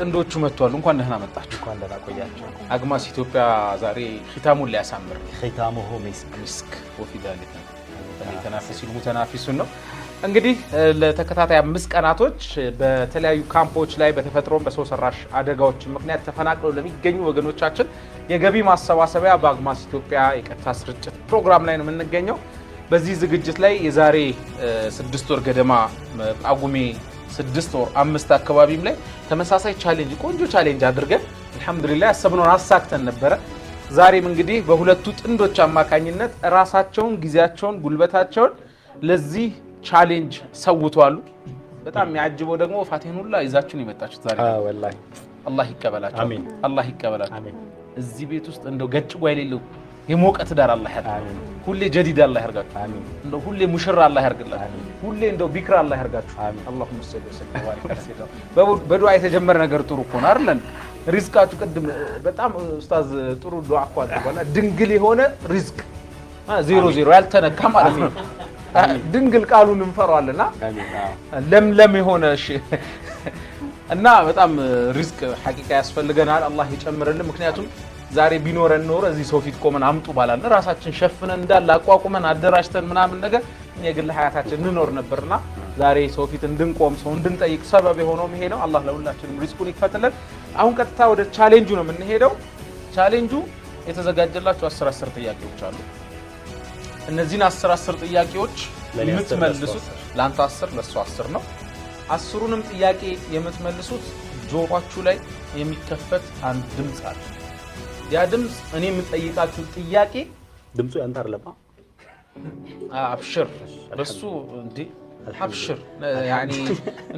ጥንዶቹ መጥቷል። እንኳን ደህና መጣችሁ። እንኳን ደህና ቆያቸው። አግማስ ኢትዮጵያ ዛሬ ኺታሙን ሊያሳምር ኺታሙሁ ሚስክ ወፊዳሊት ተናፊሱን ሙተናፊሱን ነው እንግዲህ ለተከታታይ አምስት ቀናቶች በተለያዩ ካምፖች ላይ በተፈጥሮም በሰው ሰራሽ አደጋዎች ምክንያት ተፈናቅለው ለሚገኙ ወገኖቻችን የገቢ ማሰባሰቢያ በአግማስ ኢትዮጵያ የቀጥታ ስርጭት ፕሮግራም ላይ ነው የምንገኘው። በዚህ ዝግጅት ላይ የዛሬ ስድስት ወር ገደማ ጳጉሜ ስድስት ወር አምስት አካባቢም ላይ ተመሳሳይ ቻሌንጅ ቆንጆ ቻሌንጅ አድርገን አልሐምዱሊላ ያሰብነውን አሳክተን ነበረ። ዛሬም እንግዲህ በሁለቱ ጥንዶች አማካኝነት ራሳቸውን፣ ጊዜያቸውን፣ ጉልበታቸውን ለዚህ ቻሌንጅ ሰውተዋሉ። በጣም የሚያጅበው ደግሞ ፋቴን ሁላ ይዛችሁን የመጣችሁት ዛሬ አላህ ይቀበላችሁ፣ አላህ ይቀበላችሁ። እዚህ ቤት ውስጥ እንደው ገጭ ጓይ የሌለው የሞቀ ትዳር አላህ ያድርጋችሁ። ሁሌ ጀዲድ አላህ ያድርጋችሁ። እንደው ሁሌ ሙሽራ አላህ ያድርግላችሁ። ሁሌ እንደው ቢክራ አላህ ያድርጋችሁ። አሚን። ሰለ ሰለ በዱዓ የተጀመረ ነገር ጥሩ እኮ ነው አይደል? ሪዝቃችሁ ቅድም በጣም ኡስታዝ ጥሩ ዱዓ እኮ አድርጓልና ድንግል የሆነ ሪዝቅ ዜሮ ዜሮ ያልተነካ ማለት ነው። ድንግል ቃሉን እንፈራዋልና ለምለም የሆነ እና በጣም ሪዝቅ ሐቂቃ ያስፈልገናል። አላህ ይጨምርልን። ምክንያቱም ዛሬ ቢኖረን ኖሮ እዚህ ሰው ፊት ቆመን አምጡ ባላልን ራሳችን ሸፍነን እንዳለ አቋቁመን አደራጅተን ምናምን ነገር የግል ሀያታችን እንኖር ነበርና ዛሬ ሰው ፊት እንድንቆም ሰው እንድንጠይቅ ሰበብ የሆነው ይሄ ነው። አላህ ለሁላችንም ሪስኩን ይክፈትልን። አሁን ቀጥታ ወደ ቻሌንጁ ነው የምንሄደው። ቻሌንጁ የተዘጋጀላቸው አስር አስር ጥያቄዎች አሉ። እነዚህን አስር አስር ጥያቄዎች የምትመልሱት ለአንተ አስር ለእሱ አስር ነው። አስሩንም ጥያቄ የምትመልሱት ጆሯችሁ ላይ የሚከፈት አንድ ድምፅ አለ ያ ድምፅ እኔ የምጠይቃችሁ ጥያቄ ድምፁ ያንተ አይደለም። አብሽር በሱ እንዴ አብሽር ያኒ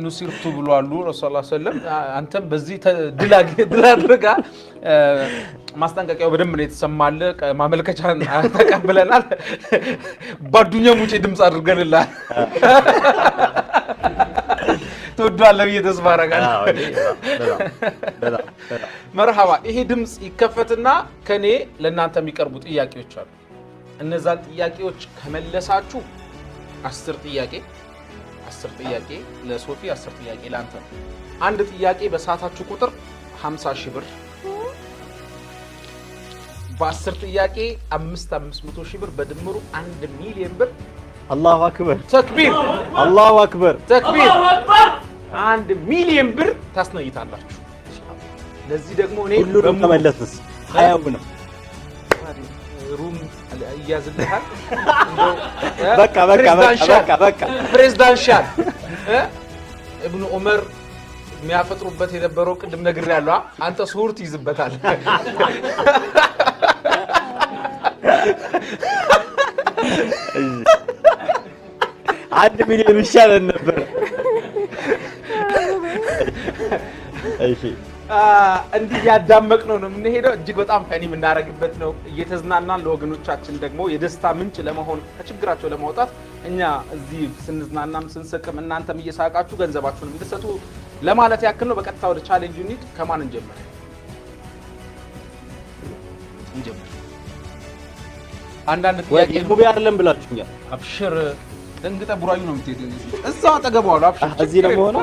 ኑሲርቱ ብሏሉ ረሱል ሰለም። አንተም በዚህ ድል አድርጋ ማስጠንቀቂያው በደንብ ነው የተሰማለ። ማመልከቻ ተቀብለናል። ባዱኛ ውጭ ድምፅ አድርገንላል። ትወዷለህ ብዬ ተስፋ አደርጋለሁ። መርሃባ። ይሄ ድምፅ ይከፈትና ከኔ ለእናንተ የሚቀርቡ ጥያቄዎች አሉ። እነዛን ጥያቄዎች ከመለሳችሁ አስር ጥያቄ አስር ጥያቄ ለሶፊ አስር ጥያቄ ለአንተ ነው። አንድ ጥያቄ በሰዓታችሁ ቁጥር 50 ሺህ ብር በአስር ጥያቄ አምስት አምስት መቶ ሺህ ብር በድምሩ አንድ ሚሊዮን ብር። አላሁ አክበር ተክቢር! አላሁ አክበር ተክቢር! አንድ ሚሊዮን ብር ታስነይታላችሁ። ለዚህ ደግሞ እኔ ሁሉንም ተመለስስ ሀያው ነው ሩም እያዝልሃል። በቃ በቃ በቃ በቃ ፕሬዝዳንሻል እብኑ ዑመር የሚያፈጥሩበት የነበረው ቅድም ነግሬያለሁ። አንተ ሱሁር ትይዝበታል። አንድ ሚሊዮን ይሻለን ነበር። እንዲህ ያዳመቅ ነው ነው የምንሄደው። እጅግ በጣም ፈኒ የምናደርግበት ነው። እየተዝናናን ለወገኖቻችን ደግሞ የደስታ ምንጭ ለመሆን ከችግራቸው ለማውጣት እኛ እዚህ ስንዝናናም ስንስቅም እናንተም እየሳቃችሁ ገንዘባችሁን እንድትሰጡ ለማለት ያክል ነው። በቀጥታ ወደ ቻሌንጅ ዩኒት ከማን እንጀምር? እንጀምር አንዳንድ ጥያቄ ሙቢ አይደለም ብላችሁኛል። አብሽር ደንግጠህ ቡራዩ ነው የምትሄደው። እዛው አጠገቡ አሉ። አብሽር እዚህ ደግሞ ሆነ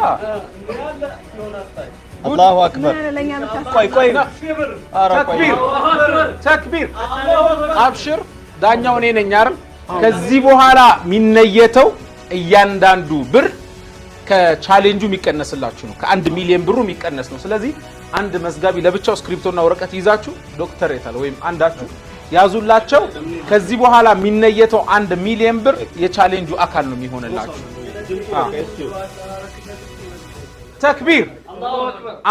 አላሁ አክበር። ቆይ ቆይ፣ ተክቢር አብሽር። ዳኛው እኔ ነኝ አይደል? ከዚህ በኋላ የሚነየተው እያንዳንዱ ብር ከቻሌንጁ የሚቀነስላችሁ ነው። ከአንድ ሚሊዮን ብሩ የሚቀነስ ነው። ስለዚህ አንድ መዝጋቢ ለብቻው እስክሪፕቶና ወረቀት ይዛችሁ ዶክተር የታል ወይም አንዳችሁ ያዙላቸው። ከዚህ በኋላ የሚነየተው አንድ ሚሊዮን ብር የቻሌንጁ አካል ነው የሚሆንላችሁ። ተክቢር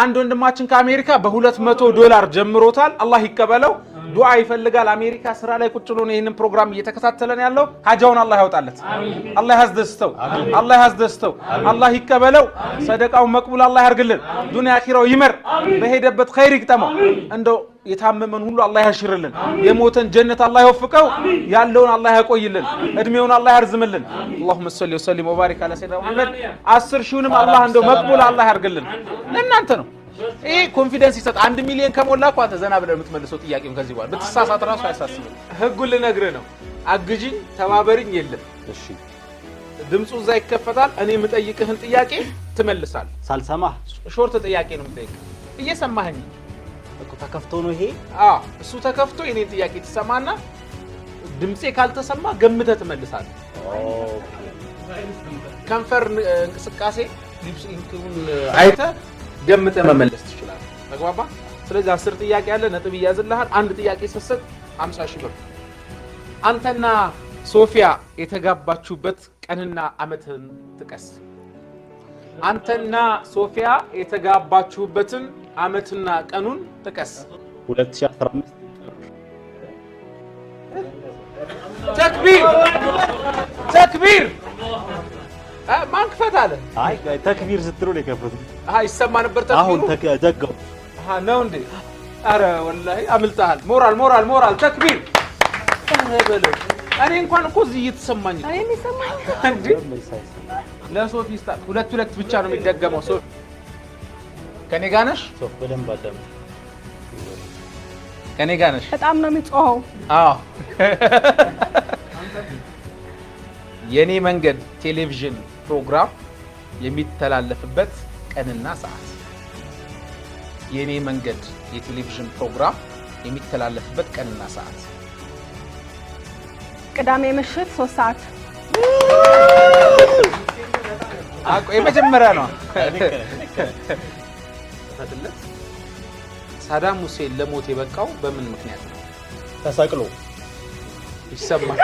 አንድ ወንድማችን ከአሜሪካ በሁለት መቶ ዶላር ጀምሮታል። አላህ ይቀበለው። ዱዓ ይፈልጋል። አሜሪካ ስራ ላይ ቁጭ ብሎ ይህንን ፕሮግራም እየተከታተለን ያለው ሀጃውን አላህ ያውጣለት፣ አላህ ያስደስተው፣ አላህ ያስደስተው፣ አላህ ይቀበለው። ሰደቃውን መቅቡል አላህ ያርግልን። ዱንያ አኺራው ይመር፣ በሄደበት ኸይር ይግጠመው። እንደው የታመመን ሁሉ አላህ ያሽርልን፣ የሞተን ጀነት አላህ ይወፍቀው፣ ያለውን አላህ ያቆይልን፣ እድሜውን አላህ ያርዝምልን። አላሁመ ሰሊ ወሰሊም ወባሪክ አላ ሰይድና ሙሐመድ። አስር ሺውንም አላህ እንደው መቅቡል አላህ ያርግልን። ለእናንተ ነው ይሄ ኮንፊደንስ ይሰጥ። አንድ ሚሊዮን ከሞላ እኮ አንተ ዘና ብለህ የምትመልሰው ጥያቄም ከዚህ በኋላ ብትሳሳት ራሱ አያሳስብም። ህጉን ልነግርህ ነው። አግዢኝ ተባበሪኝ የለም። እሺ ድምፁ እዛ ይከፈታል። እኔ የምጠይቅህን ጥያቄ ትመልሳል። ሳልሰማ ሾርት ጥያቄ ነው የምጠይቅህ። እየሰማህኝ እኮ ተከፍቶ ነው ይሄ። አዎ እሱ ተከፍቶ የኔን ጥያቄ ትሰማና ድምፄ ካልተሰማ ገምተ ትመልሳል ከንፈር እንቅስቃሴ ሊፕስ አይተህ ገምተ መመለስ ትችላለህ። ተግባባ። ስለዚህ አስር ጥያቄ ያለ ነጥብ እያዝልሃል። አንድ ጥያቄ ስትሰጥ ሀምሳ ሺህ ብር። አንተና ሶፊያ የተጋባችሁበት ቀንና አመትን ጥቀስ። አንተና ሶፊያ የተጋባችሁበትን አመትና ቀኑን ጥቀስ። 2015 ተክቢር ተክቢር ማንክፈት አለ። አይ ተክቢር ስትሉ ነው የከፈቱት። አይ ይሰማ ነበር ተክቢሩ። አሁን ተዘጋው ነው እንዴ? አረ ወላሂ አምልጠሃል። ሞራል ሞራል ሞራል ተክቢር በለው። እኔ እንኳን እኮ እዚህ እየተሰማኝ ነው። እኔ ይሰማኝ ለሶፊ ስታር ሁለት ሁለት ብቻ ነው የሚደገመው። ሶፊ ከኔ ጋር ነሽ? ሶፊ በደንብ አዳምጪ። ከኔ ጋር ነሽ? በጣም ነው የሚጮኸው። አዎ የእኔ መንገድ ቴሌቪዥን ፕሮግራም የሚተላለፍበት ቀንና ሰዓት የኔ መንገድ የቴሌቪዥን ፕሮግራም የሚተላለፍበት ቀንና ሰዓት ቅዳሜ ምሽት ሶስት ሰዓት የመጀመሪያ ነው። ሳዳም ሁሴን ለሞት የበቃው በምን ምክንያት ነው? ተሰቅሎ ይሰማል።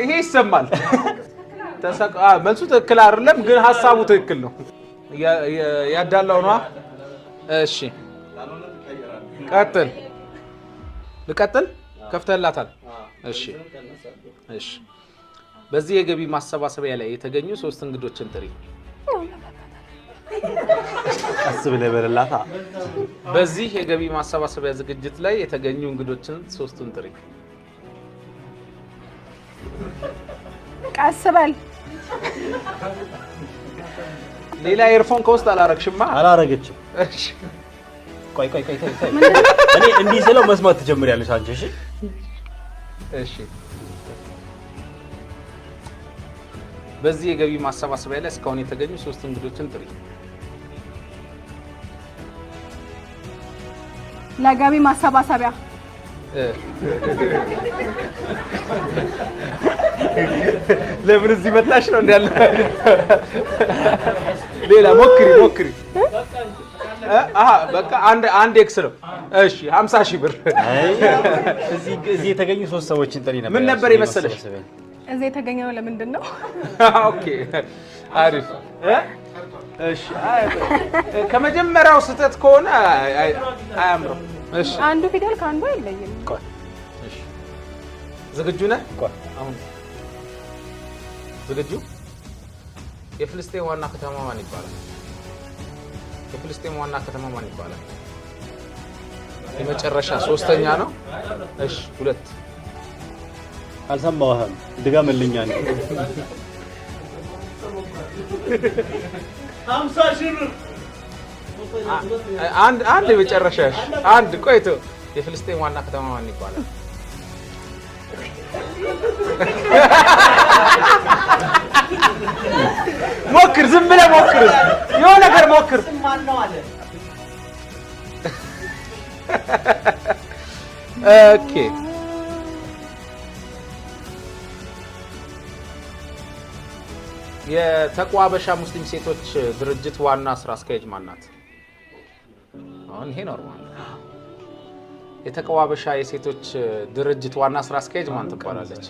ይሄ ይሰማል። መልሱ ትክክል አይደለም፣ ግን ሀሳቡ ትክክል ነው። ያዳላው ነዋ። እሺ ቀጥል፣ ልቀጥል። ከፍተህላታል። እሺ እሺ። በዚህ የገቢ ማሰባሰቢያ ላይ የተገኙ ሶስት እንግዶችን ጥሪ። ቀስ ብለህ በላታ። በዚህ የገቢ ማሰባሰቢያ ዝግጅት ላይ የተገኙ እንግዶችን ሶስቱን ጥሪ። ቀስ በል። ሌላ ኤርፎን ከውስጥ አላረግሽማ? አላረገችም። ቆይ ቆይ ቆይ፣ እኔ እንዲህ ስለው መስማት ትጀምሪያለሽ አንቺ። እሺ እሺ። በዚህ የገቢ ማሰባሰቢያ ላይ እስካሁን የተገኙ ሶስት እንግዶችን ጥሪ። ለገቢ ማሰባሰቢያ ለምን እዚህ መጣሽ ነው እንዳለ። ሌላ ሞክሪ ሞክሪ። በቃ አንድ አንድ ኤክስ ነው። እሺ 50 ሺህ ብር። እዚህ እዚህ የተገኙ ሶስት ሰዎችን ጥሪ ነበር። ምን ነበር የመሰለሽ? እዚህ የተገኘው ለምንድን ነው? ኦኬ አሪፍ። እሺ ከመጀመሪያው ስህተት ከሆነ አያምረው። እሺ አንዱ ፊደል ከአንዱ አይለይም። ዝግጁ ነህ? አሁን ዝግጁ? የፍልስጤም ዋና ከተማ ማን ይባላል? የፍልስጤም ዋና ከተማ ማን ይባላል? የመጨረሻ ሶስተኛ ነው። እሺ ሁለት አልሰማውህም። ድገምልኛ ነው። አንድ አንድ የመጨረሻ አንድ ቆይቶ የፍልስጤም ዋና ከተማ ማን ይባላል? ሞክር፣ ዝም ብለህ ሞክር፣ የሆነ ነገር ሞክር። ኦኬ የተቋ ሙስሊም ሴቶች ድርጅት ዋና ስራ አስኪያጅ ማን አሁን ይሄ ኖርማል። የተቋ የሴቶች ድርጅት ዋና ስራ አስኪያጅ ማን ትባላለች?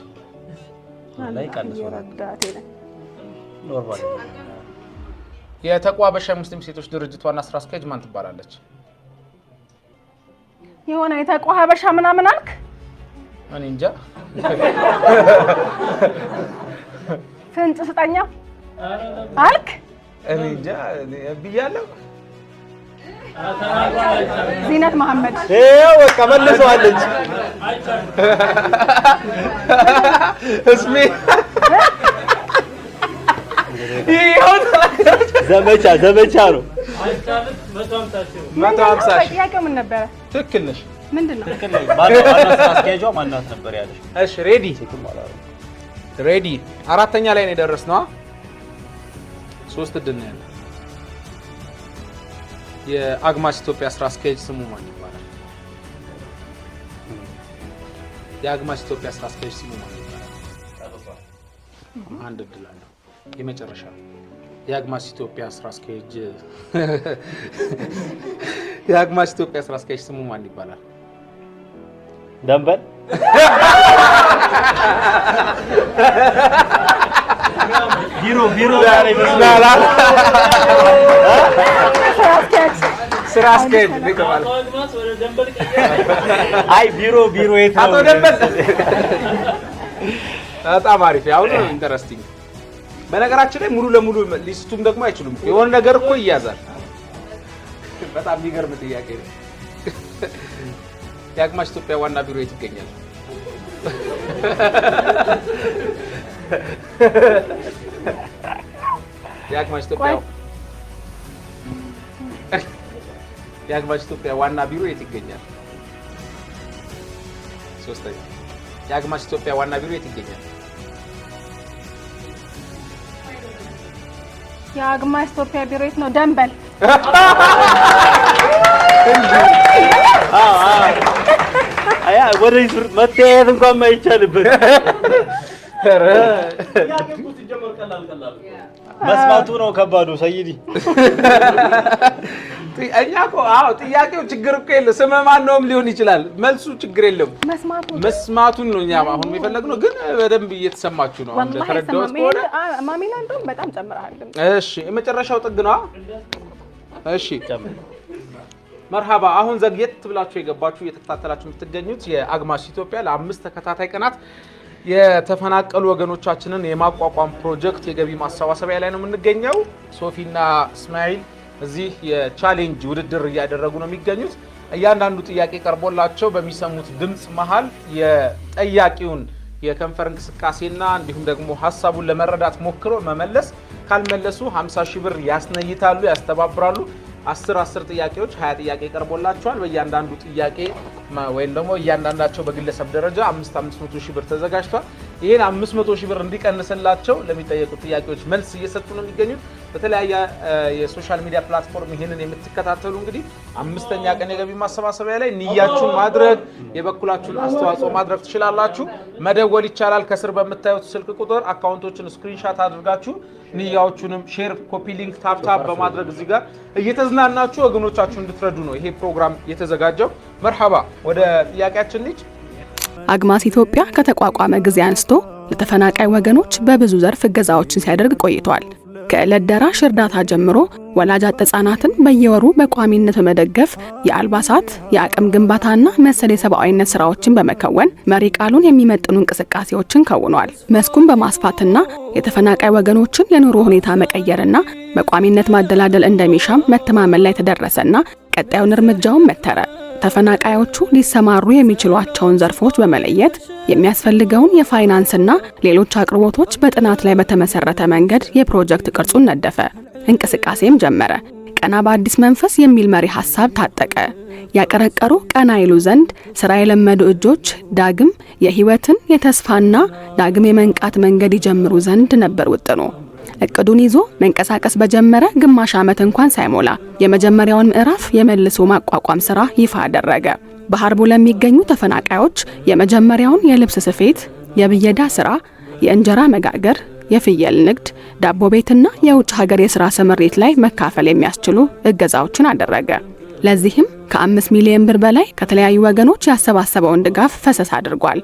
ኖርማል። የተቋ በሻ ሙስሊም ሴቶች ድርጅት ዋና ስራ አስኪያጅ ማን ትባላለች? የሆነ የተቋ ሀበሻ ምናምን አልክ? እኔ እንጃ። ፍንጭ ስጠኛ አልክ? እኔ እንጃ ብያለሁ። ዚነት መሐመድ ይኸው በቃ መልሰዋለች። እስሜ ዘመቻ ዘመቻ ነው። መቶ ሀምሳ ጥያቄ ምን ነበረ? ትክክል ነሽ። ምንድን ነው ትክክል ነሽ። አስኪያጇ ማናት ነበር ያለሽ? እሺ ሬዲ ሬዲ። አራተኛ ላይ ነው የደረስነው። ሶስት እድል ነው ያለው። የአግማስ ኢትዮጵያ ስራ አስኪያጅ ስሙ ማን ይባላል? የአግማስ ኢትዮጵያ ስራ አስኪያጅ ስሙ ማን ይባላል? አንድ እድል አለው። የመጨረሻ የአግማስ ኢትዮጵያ ስራ አስኪያጅ የአግማስ ኢትዮጵያ ስራ አስኪያጅ ስሙ ማን ይባላል? ደንበል ቢሮ ቢሮ ስራ አስኪያጅ አይ ቢሮ ቢሮ የት ነው? አቶ ደንበል በጣም አሪፍ። አሁን ኢንተረስቲንግ በነገራችን ላይ ሙሉ ለሙሉ ሊስቱም ደግሞ አይችሉም። የሆነ ነገር እኮ ይያዛል። በጣም የሚገርም ጥያቄ ነው። የአግማሽ ኢትዮጵያ ዋና ቢሮ የት ይገኛል? የአግማሽ ኢትዮጵያ የአግማሽ ኢትዮጵያ ዋና ቢሮ የት ይገኛል? ሶስተኛ የአግማሽ ኢትዮጵያ ዋና ቢሮ የት ይገኛል? የአግማ ኢትዮጵያ ቢሮ የት ነው? ደንበል ወደ መተያየት እንኳን አይቻልበት። መስማቱ ነው ከባዱ ሰይዲ እኛ እኮ አዎ፣ ጥያቄው ችግር እኮ የለም። ስመ ማነውም ሊሆን ይችላል። መልሱ ችግር የለም። መስማቱን ነው እኛ አሁን ነው ግን በደንብ እየተሰማችሁ ነው እንደተረዳሁት ከሆነ ማሜላ፣ እንደውም በጣም ጨምረሃል። እሺ፣ የመጨረሻው ጥግ ነዋ። እሺ መርሃባ አሁን ዘግየት ብላችሁ የገባችሁ እየተከታተላችሁ የምትገኙት የአግማሽ ኢትዮጵያ ለአምስት ተከታታይ ቀናት የተፈናቀሉ ወገኖቻችንን የማቋቋም ፕሮጀክት የገቢ ማሰባሰቢያ ላይ ነው የምንገኘው። ሶፊና እስማኤል እዚህ የቻሌንጅ ውድድር እያደረጉ ነው የሚገኙት። እያንዳንዱ ጥያቄ ቀርቦላቸው በሚሰሙት ድምፅ መሀል የጠያቂውን የከንፈር እንቅስቃሴና እንዲሁም ደግሞ ሀሳቡን ለመረዳት ሞክሮ መመለስ ካልመለሱ 50 ሺህ ብር ያስነይታሉ፣ ያስተባብራሉ። 10 10 ጥያቄዎች 20 ጥያቄ ቀርቦላቸዋል። በእያንዳንዱ ጥያቄ ወይም ደግሞ እያንዳንዳቸው በግለሰብ ደረጃ 5 500 ሺህ ብር ተዘጋጅቷል። ይህን 500 ሺህ ብር እንዲቀንስላቸው ለሚጠየቁት ጥያቄዎች መልስ እየሰጡ ነው የሚገኙት። በተለያየ የሶሻል ሚዲያ ፕላትፎርም ይህንን የምትከታተሉ እንግዲህ አምስተኛ ቀን የገቢ ማሰባሰቢያ ላይ ንያችሁን ማድረግ የበኩላችሁን አስተዋጽኦ ማድረግ ትችላላችሁ። መደወል ይቻላል። ከስር በምታዩት ስልክ ቁጥር አካውንቶችን ስክሪንሻት አድርጋችሁ ንያዎቹንም ሼር፣ ኮፒ ሊንክ፣ ታፕታፕ በማድረግ እዚህ ጋር እየተዝናናችሁ ወገኖቻችሁ እንድትረዱ ነው ይሄ ፕሮግራም የተዘጋጀው። መርሐባ ወደ ጥያቄያችን ልጅ አግማስ ኢትዮጵያ ከተቋቋመ ጊዜ አንስቶ ለተፈናቃይ ወገኖች በብዙ ዘርፍ እገዛዎችን ሲያደርግ ቆይቷል። ከዕለት ደራሽ እርዳታ ጀምሮ ወላጅ አጥ በየወሩ በቋሚነት በመደገፍ የአልባሳት የአቅም ግንባታና መሰል የሰብአዊነት ስራዎችን በመከወን መሪ ቃሉን የሚመጥኑ እንቅስቃሴዎችን ከውኗል። መስኩን በማስፋትና የተፈናቃይ ወገኖችን የኑሮ ሁኔታ መቀየርና በቋሚነት ማደላደል እንደሚሻም መተማመን ላይ ተደረሰና ቀጣዩን እርምጃውን መተረ። ተፈናቃዮቹ ሊሰማሩ የሚችሏቸውን ዘርፎች በመለየት የሚያስፈልገውን የፋይናንስና ሌሎች አቅርቦቶች በጥናት ላይ በተመሰረተ መንገድ የፕሮጀክት ቅርጹን ነደፈ። እንቅስቃሴም ጀመረ። ቀና በአዲስ መንፈስ የሚል መሪ ሐሳብ ታጠቀ። ያቀረቀሩ ቀና ይሉ ዘንድ ሥራ የለመዱ እጆች ዳግም የሕይወትን የተስፋና ዳግም የመንቃት መንገድ ይጀምሩ ዘንድ ነበር ውጥኑ። እቅዱን ይዞ መንቀሳቀስ በጀመረ ግማሽ ዓመት እንኳን ሳይሞላ የመጀመሪያውን ምዕራፍ የመልሶ ማቋቋም ስራ ይፋ አደረገ። በሐርቡ ለሚገኙ ተፈናቃዮች የመጀመሪያውን የልብስ ስፌት፣ የብየዳ ስራ፣ የእንጀራ መጋገር፣ የፍየል ንግድ፣ ዳቦ ቤትና የውጭ ሀገር የስራ ስምሪት ላይ መካፈል የሚያስችሉ እገዛዎችን አደረገ። ለዚህም ከአምስት ሚሊዮን ብር በላይ ከተለያዩ ወገኖች ያሰባሰበውን ድጋፍ ፈሰስ አድርጓል።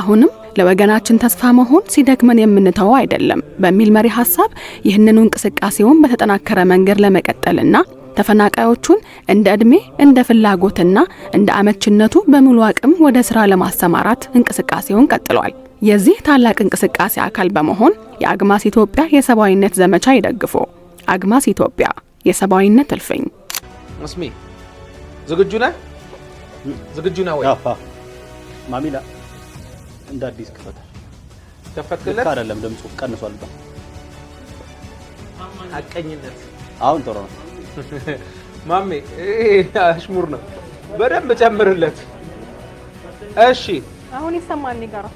አሁንም ለወገናችን ተስፋ መሆን ሲደክመን የምንተው አይደለም በሚል መሪ ሀሳብ ይህንኑ እንቅስቃሴውን በተጠናከረ መንገድ ለመቀጠልና ተፈናቃዮቹን እንደ ዕድሜ እንደ ፍላጎትና እንደ አመችነቱ በሙሉ አቅም ወደ ስራ ለማሰማራት እንቅስቃሴውን ቀጥሏል። የዚህ ታላቅ እንቅስቃሴ አካል በመሆን የአግማስ ኢትዮጵያ የሰብአዊነት ዘመቻ ይደግፎ አግማስ ኢትዮጵያ የሰብአዊነት እልፍኝ። ዝግጁ ነህ? ዝግጁ ነህ ወይ? ማሚላ እንደ አዲስ ክፈት። ከፈትክለት አይደለም፣ ድምፁ ቀንሷል። አቀኝነት አሁን ጥሩ ነው። ማሜ አሽሙር ነው። በደንብ ጨምርለት። እሺ አሁን ይሰማል። እኔ ጋር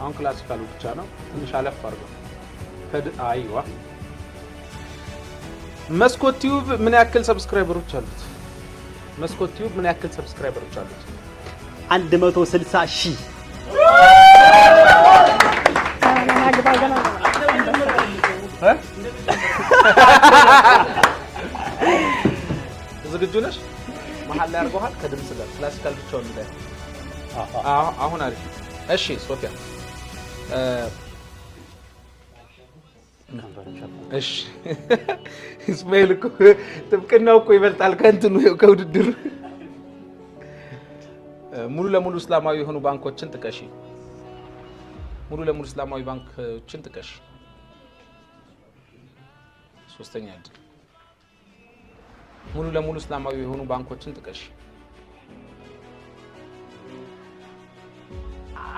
አሁን ክላሲካሉ ብቻ ነው። ትንሽ አለፍ አድርገው። አይዋ መስኮት ቲዩብ ምን ያክል ሰብስክራይበሮች አሉት? መስኮት ቲዩብ ምን ያክል ሰብስክራይበሮች አሉት? 160 ሺህ ዝግጁ ነሽ? መሀል ላይ አድርገዋል። ከድምፅ ጋር ክላሲካል ብቻ ነው የሚለው አሁን አሪፍ። እሺ ሶፊያ፣ እሺ እስማኤል፣ ጥብቅናው እኮ ይበልጣል ከእንትኑ ከውድድሩ ሙሉ ለሙሉ እስላማዊ የሆኑ ባንኮችን ጥቀሽ ሙሉ ለሙሉ እስላማዊ ባንኮችን ጥቀሽ ሶስተኛ እድል። ሙሉ ለሙሉ እስላማዊ የሆኑ ባንኮችን ጥቀሽ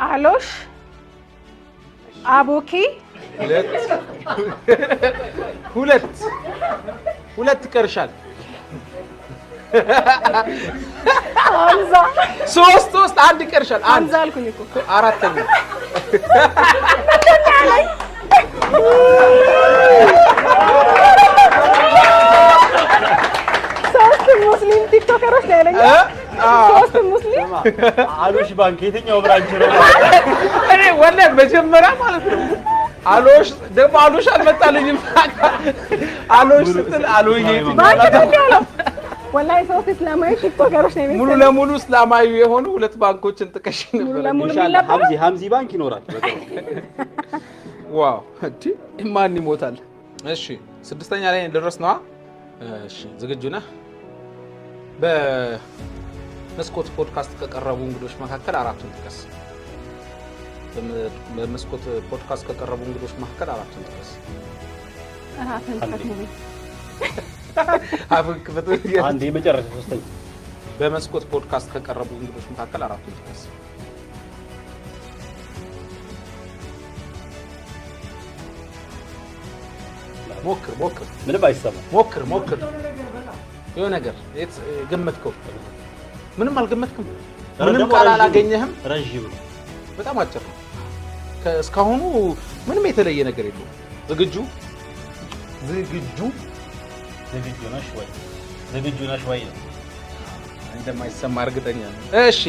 አሎሽ፣ አቦኪ። ሁለት ሁለት ቀርሻል። ሶስት ሶስት አንድ ቀርሻል። አንድ አልኩኝ እኮ አራተኛ ሶስት ሙስሊም ቲክቶከሮች ነው ያለኝ። ሶስት ሙስሊም አሎሽ ባንክ የትኛው ብራንች ነው? እኔ ወላሂ መጀመሪያ ማለት ነው አሎሽ ደግሞ አሎሽ አልመጣልኝም። አሎሽ ስትል አሎዬ ወላሂ ሶስት እስላማዊ ቲክቶከሮች ነው ሙሉ ለሙሉ እስላማዊ የሆኑ ሁለት ባንኮችን ጥቀሽ ነበር። ኢንሻአላህ ሀምዚ ሀምዚ ባንክ ይኖራል። ዋው እንዴ! ማን ይሞታል? እሺ ስድስተኛ ላይ ደረስ ነዋ። እሺ ዝግጁ ነህ? በመስኮት ፖድካስት ከቀረቡ እንግዶች መካከል አራቱን ጥቀስ። በመስኮት ፖድካስት ከቀረቡ እንግዶች መካከል አራቱን ጥቀስ። አራቱን ጥቀስ አፍን አንድ የመጨረሻ ሶስተኛ በመስኮት ፖድካስት ከቀረቡ እንግዶች መካከል አራቱ ጥቀስ። ሞክር ሞክር፣ ምንም አይሰማም። ሞክር ሞክር፣ የሆነ ነገር ገመትከው። ምንም አልገመትክም። ምንም ቃል አላገኘህም። ረዥም ነው፣ በጣም አጭር ነው። እስካሁኑ ምንም የተለየ ነገር የለውም። ዝግጁ ዝግጁ ዝግጁ ነሽ ወይ? ዝግጁ ነሽ ወይ ነው እንደማይሰማ እርግጠኛ ነው። እሺ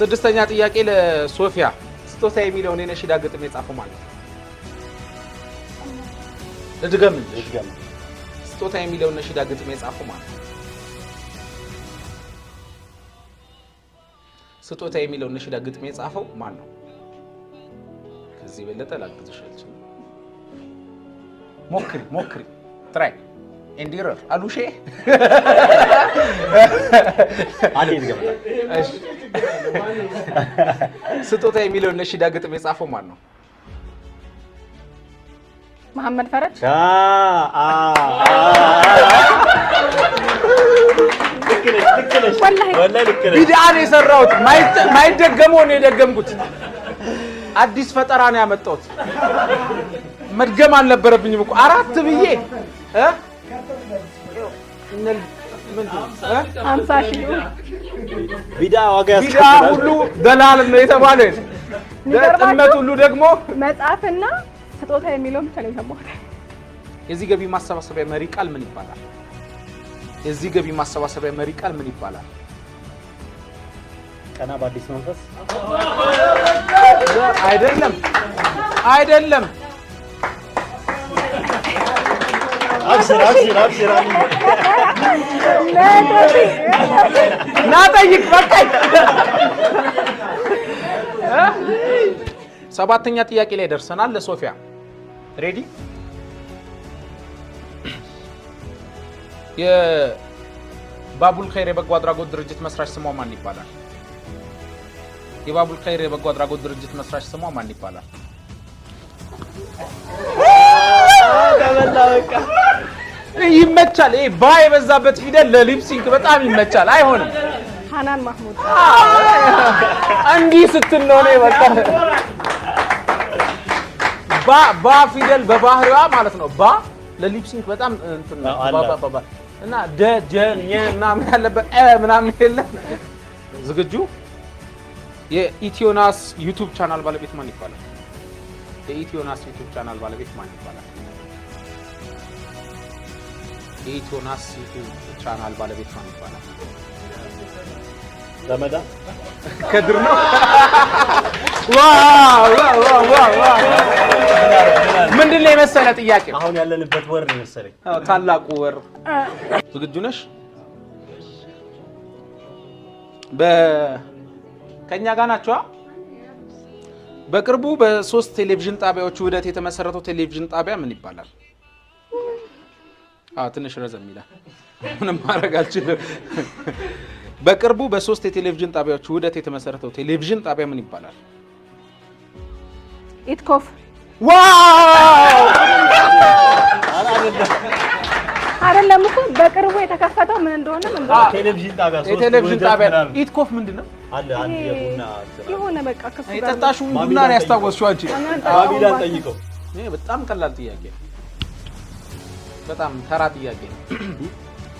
ስድስተኛ ጥያቄ ለሶፊያ ስጦታ የሚለውን የነሺዳ ግጥም የጻፈው ማለት ነው። ልድገምልሽ። ስጦታ የሚለውን ነሺዳ ግጥም የጻፈው ማለት ነው። ስጦታ የሚለውን ነሺዳ ግጥም የጻፈው ማን ነው? ከዚህ የበለጠ ላግዝሽ አልችልም። ሞክሪ ሞክሪ ትራይ እንዲረር አሉሼ ስጦታ የሚለውን ነሺዳ ግጥም የጻፈው ማን ነው? መሐመድ ፈረጅ። ቢድአን የሰራሁት ማይደገመውን የደገምኩት አዲስ ፈጠራ ነው ያመጣሁት። መድገም አልነበረብኝም እኮ አራት ብዬ ቢዳ ዋጋ ያስከፍላል። ሁሉ ደላል ነው የተባለ ጥመት ሁሉ ደግሞ መጽሐፍና ስጦታ የሚለው ብቻ ነው የሰማሁት። የዚህ ገቢ ማሰባሰቢያ መሪ ቃል ምን ይባላል? የዚህ ገቢ ማሰባሰቢያ መሪ ቃል ምን ይባላል? ቀና በአዲስ መንፈስ አይደለም አይደለም በቃኝ። ሰባተኛ ጥያቄ ላይ ደርሰናል። ለሶፊያ ሬዲ የባቡል ኸይር የበጎ አድራጎት ድርጅት መስራች ስሟ ማን ይባላል? የባቡል ኸይር የበጎ አድራጎት ድርጅት መስራች ስሟ ማን ይባላል? ይመቻል። ይሄ ባ የበዛበት ፊደል ለሊፕሲንክ በጣም ይመቻል። አይሆንም። ሀናን ማህሙድ እንዲህ ስትል ነው ነው በቃ ባ ባ ፊደል በባህሪዋ ማለት ነው። ባ ለሊፕሲንክ በጣም እንትን እና ደ ጀ ኘ ምናምን ያለበት ምናምን የለ ዝግጁ የኢትዮናስ ዩቱብ ቻናል ባለቤት ማን ይባላል? የኢትዮናስ ዩቱብ ቻናል ባለቤት ማን ይባላል? ናስ ዩቲዩብ ቻናል ባለቤት ማን ይባላል? ረመዳ ከድር ነው። ምንድን ነው የመሰለ ጥያቄ። አሁን ያለንበት ወር ነው የመሰለኝ ታላቁ ወር። ዝግጁ ነሽ? ከእኛ ጋር ናቸዋ። በቅርቡ በሶስት ቴሌቪዥን ጣቢያዎች ውህደት የተመሰረተው ቴሌቪዥን ጣቢያ ምን ይባላል? ትንሽ ረዘም ይላል። ምንም ማድረግ አልችልም። በቅርቡ በሶስት የቴሌቪዥን ጣቢያዎች ውህደት የተመሰረተው ቴሌቪዥን ጣቢያ ምን ይባላል? ኢትኮፍ። ዋው! አይደለም እኮ በቅርቡ የተከፈተው ምን እንደሆነ ጣቢያ የቴሌቪዥን ጣቢያ ኢትኮፍ ምንድን ነው? የሆነ በቃ ከሱ ጋር የጠጣሽውን ቡና ነው ያስታወስሽው አንቺ። በጣም ቀላል ጥያቄ በጣም ተራ ጥያቄ ነው።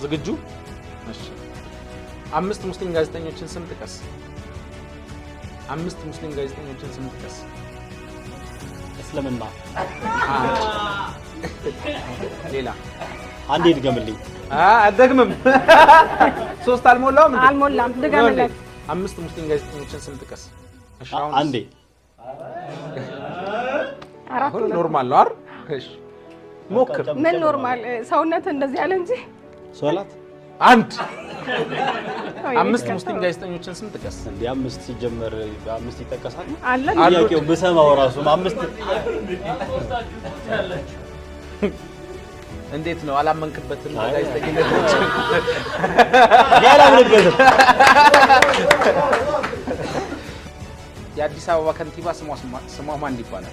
ዝግጁ? እሺ። አምስት ሙስሊም ጋዜጠኞችን ስም ጥቀስ። አምስት ሙስሊም ጋዜጠኞችን ስም ጥቀስ። እስልምና ሌላ አንዴ ድገምልኝ። አደግምም ሶስት አልሞላውም አልሞላም። ድገምልኝ። አምስት ሙስሊም ጋዜጠኞችን ስም ጥቀስ። አንዴ አራት ኖርማል ነው አይደል? እሺ ሞክር። ምን ኖርማል ሰውነት እንደዚህ ያለ እንጂ ሶላት አንድ አምስት ሙስሊም ጋዜጠኞችን ስም ጥቀስ። እንደ አምስት ሲጀመር አምስት ይጠቀሳል አለ ጥያቄው ብሰማው ራሱ አምስት እንዴት ነው? አላመንክበትም? ጋዜጠኝነት ያላምንበትም። የአዲስ አበባ ከንቲባ ስሟ ማን ይባላል?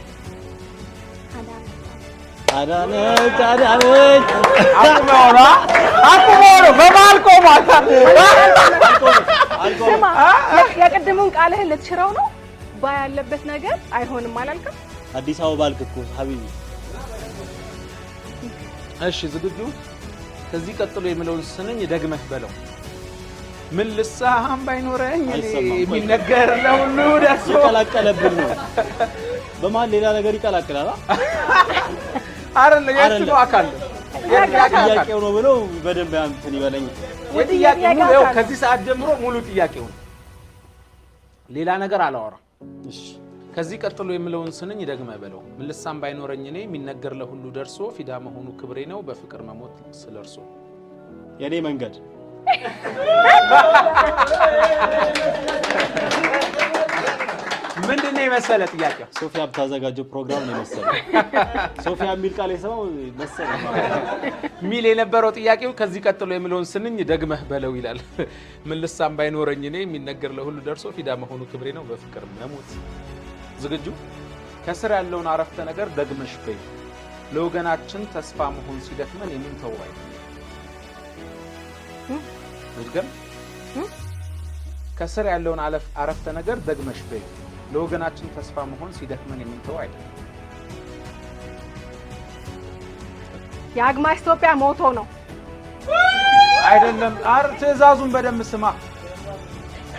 በመሀል ቆሟታል። የቅድሙን ቃልህን ልትሽረው ነው። ባ ያለበት ነገር አይሆንም አላልክም? አዲስ አበባ አልክ እኮ ሀቢቢ። እሺ ዝግጁ? ከዚህ ቀጥሎ የምለውን ስንኝ ደግመህ በለው። ምን ልሳህም ባይኖረኝ የሚነገር ለሁሉ ደርሶ ይቀላቀለብን ነው። በመሀል ሌላ ነገር ይቀላቅላል። አይደለም አካል ጥያቄው ነው ብለው በደንብ እንትን ይበለኝ። ጥያቄው ከዚህ ሰዓት ጀምሮ ሙሉ ጥያቄው ነው። ሌላ ነገር አላወራም። ከዚህ ቀጥሎ የምለውን ስንኝ ደግመ በለው። ምልሳም ባይኖረኝ እኔ የሚነገር ለሁሉ ደርሶ ፊዳ መሆኑ ክብሬ ነው በፍቅር መሞት ስለ እርሶ የእኔ መንገድ ምንድን ነው የመሰለ ጥያቄው? ሶፊያ ብታዘጋጀው ፕሮግራም ነው የመሰለ ሶፊያ የሚል ቃል የሰማው መሰለ ሚል የነበረው ጥያቄው ከዚህ ቀጥሎ የምለውን ስንኝ ደግመህ በለው ይላል። ምልሳም ባይኖረኝ እኔ የሚነገር ለሁሉ ደርሶ ፊዳ መሆኑ ክብሬ ነው በፍቅር መሞት። ዝግጁ ከስር ያለውን አረፍተ ነገር ደግመሽ በይ። ለወገናችን ተስፋ መሆን ሲደክመን የምንተው ድገም ከስር ያለውን አረፍተ ነገር ደግመሽ በይ ለወገናችን ተስፋ መሆን ሲደክመን የምንተው አይደለም። የአግማሽ ኢትዮጵያ ሞቶ ነው አይደለም። አር ትዕዛዙን በደንብ ስማ።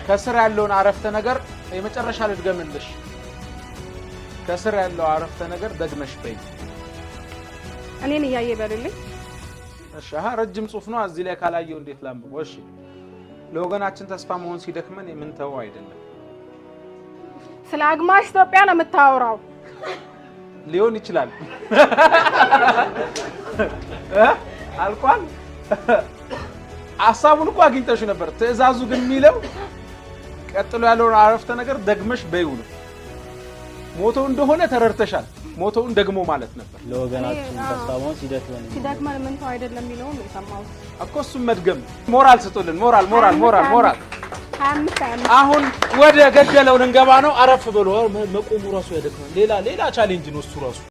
ከስር ያለውን አረፍተ ነገር የመጨረሻ ልድገምልሽ። ከስር ያለው አረፍተ ነገር ደግመሽ በይ። እኔን እያየ በልልኝ። እሺ፣ አሃ ረጅም ጽሁፍ ነው። እዚህ ላይ ካላየው እንዴት ላምብ? እሺ፣ ለወገናችን ተስፋ መሆን ሲደክመን የምንተው አይደለም ስለ አግማሽ ኢትዮጵያ ነው የምታወራው ሊሆን ይችላል። አልኳል። ሀሳቡን እኮ አግኝተሽ ነበር። ትዕዛዙ ግን የሚለው ቀጥሎ ያለውን አረፍተ ነገር ደግመሽ በይው ነው። ሞተው እንደሆነ ተረድተሻል። ሞተውን ደግሞ ማለት ነበር። ለወገናችን ተስፋማው ሲደክመን ሲደክመን ምን አይደለም የሚለውን የሰማሁት እኮ እሱም መድገም ሞራል ስጡልን። ሞራል ሞራል ሞራል ሞራል አሁን ወደ ገደለውን እንገባ ነው። አረፍ ብሎ መቆሙ ራሱ ያደክማል። ሌላ ሌላ ቻሌንጅ ነው እሱ ራሱ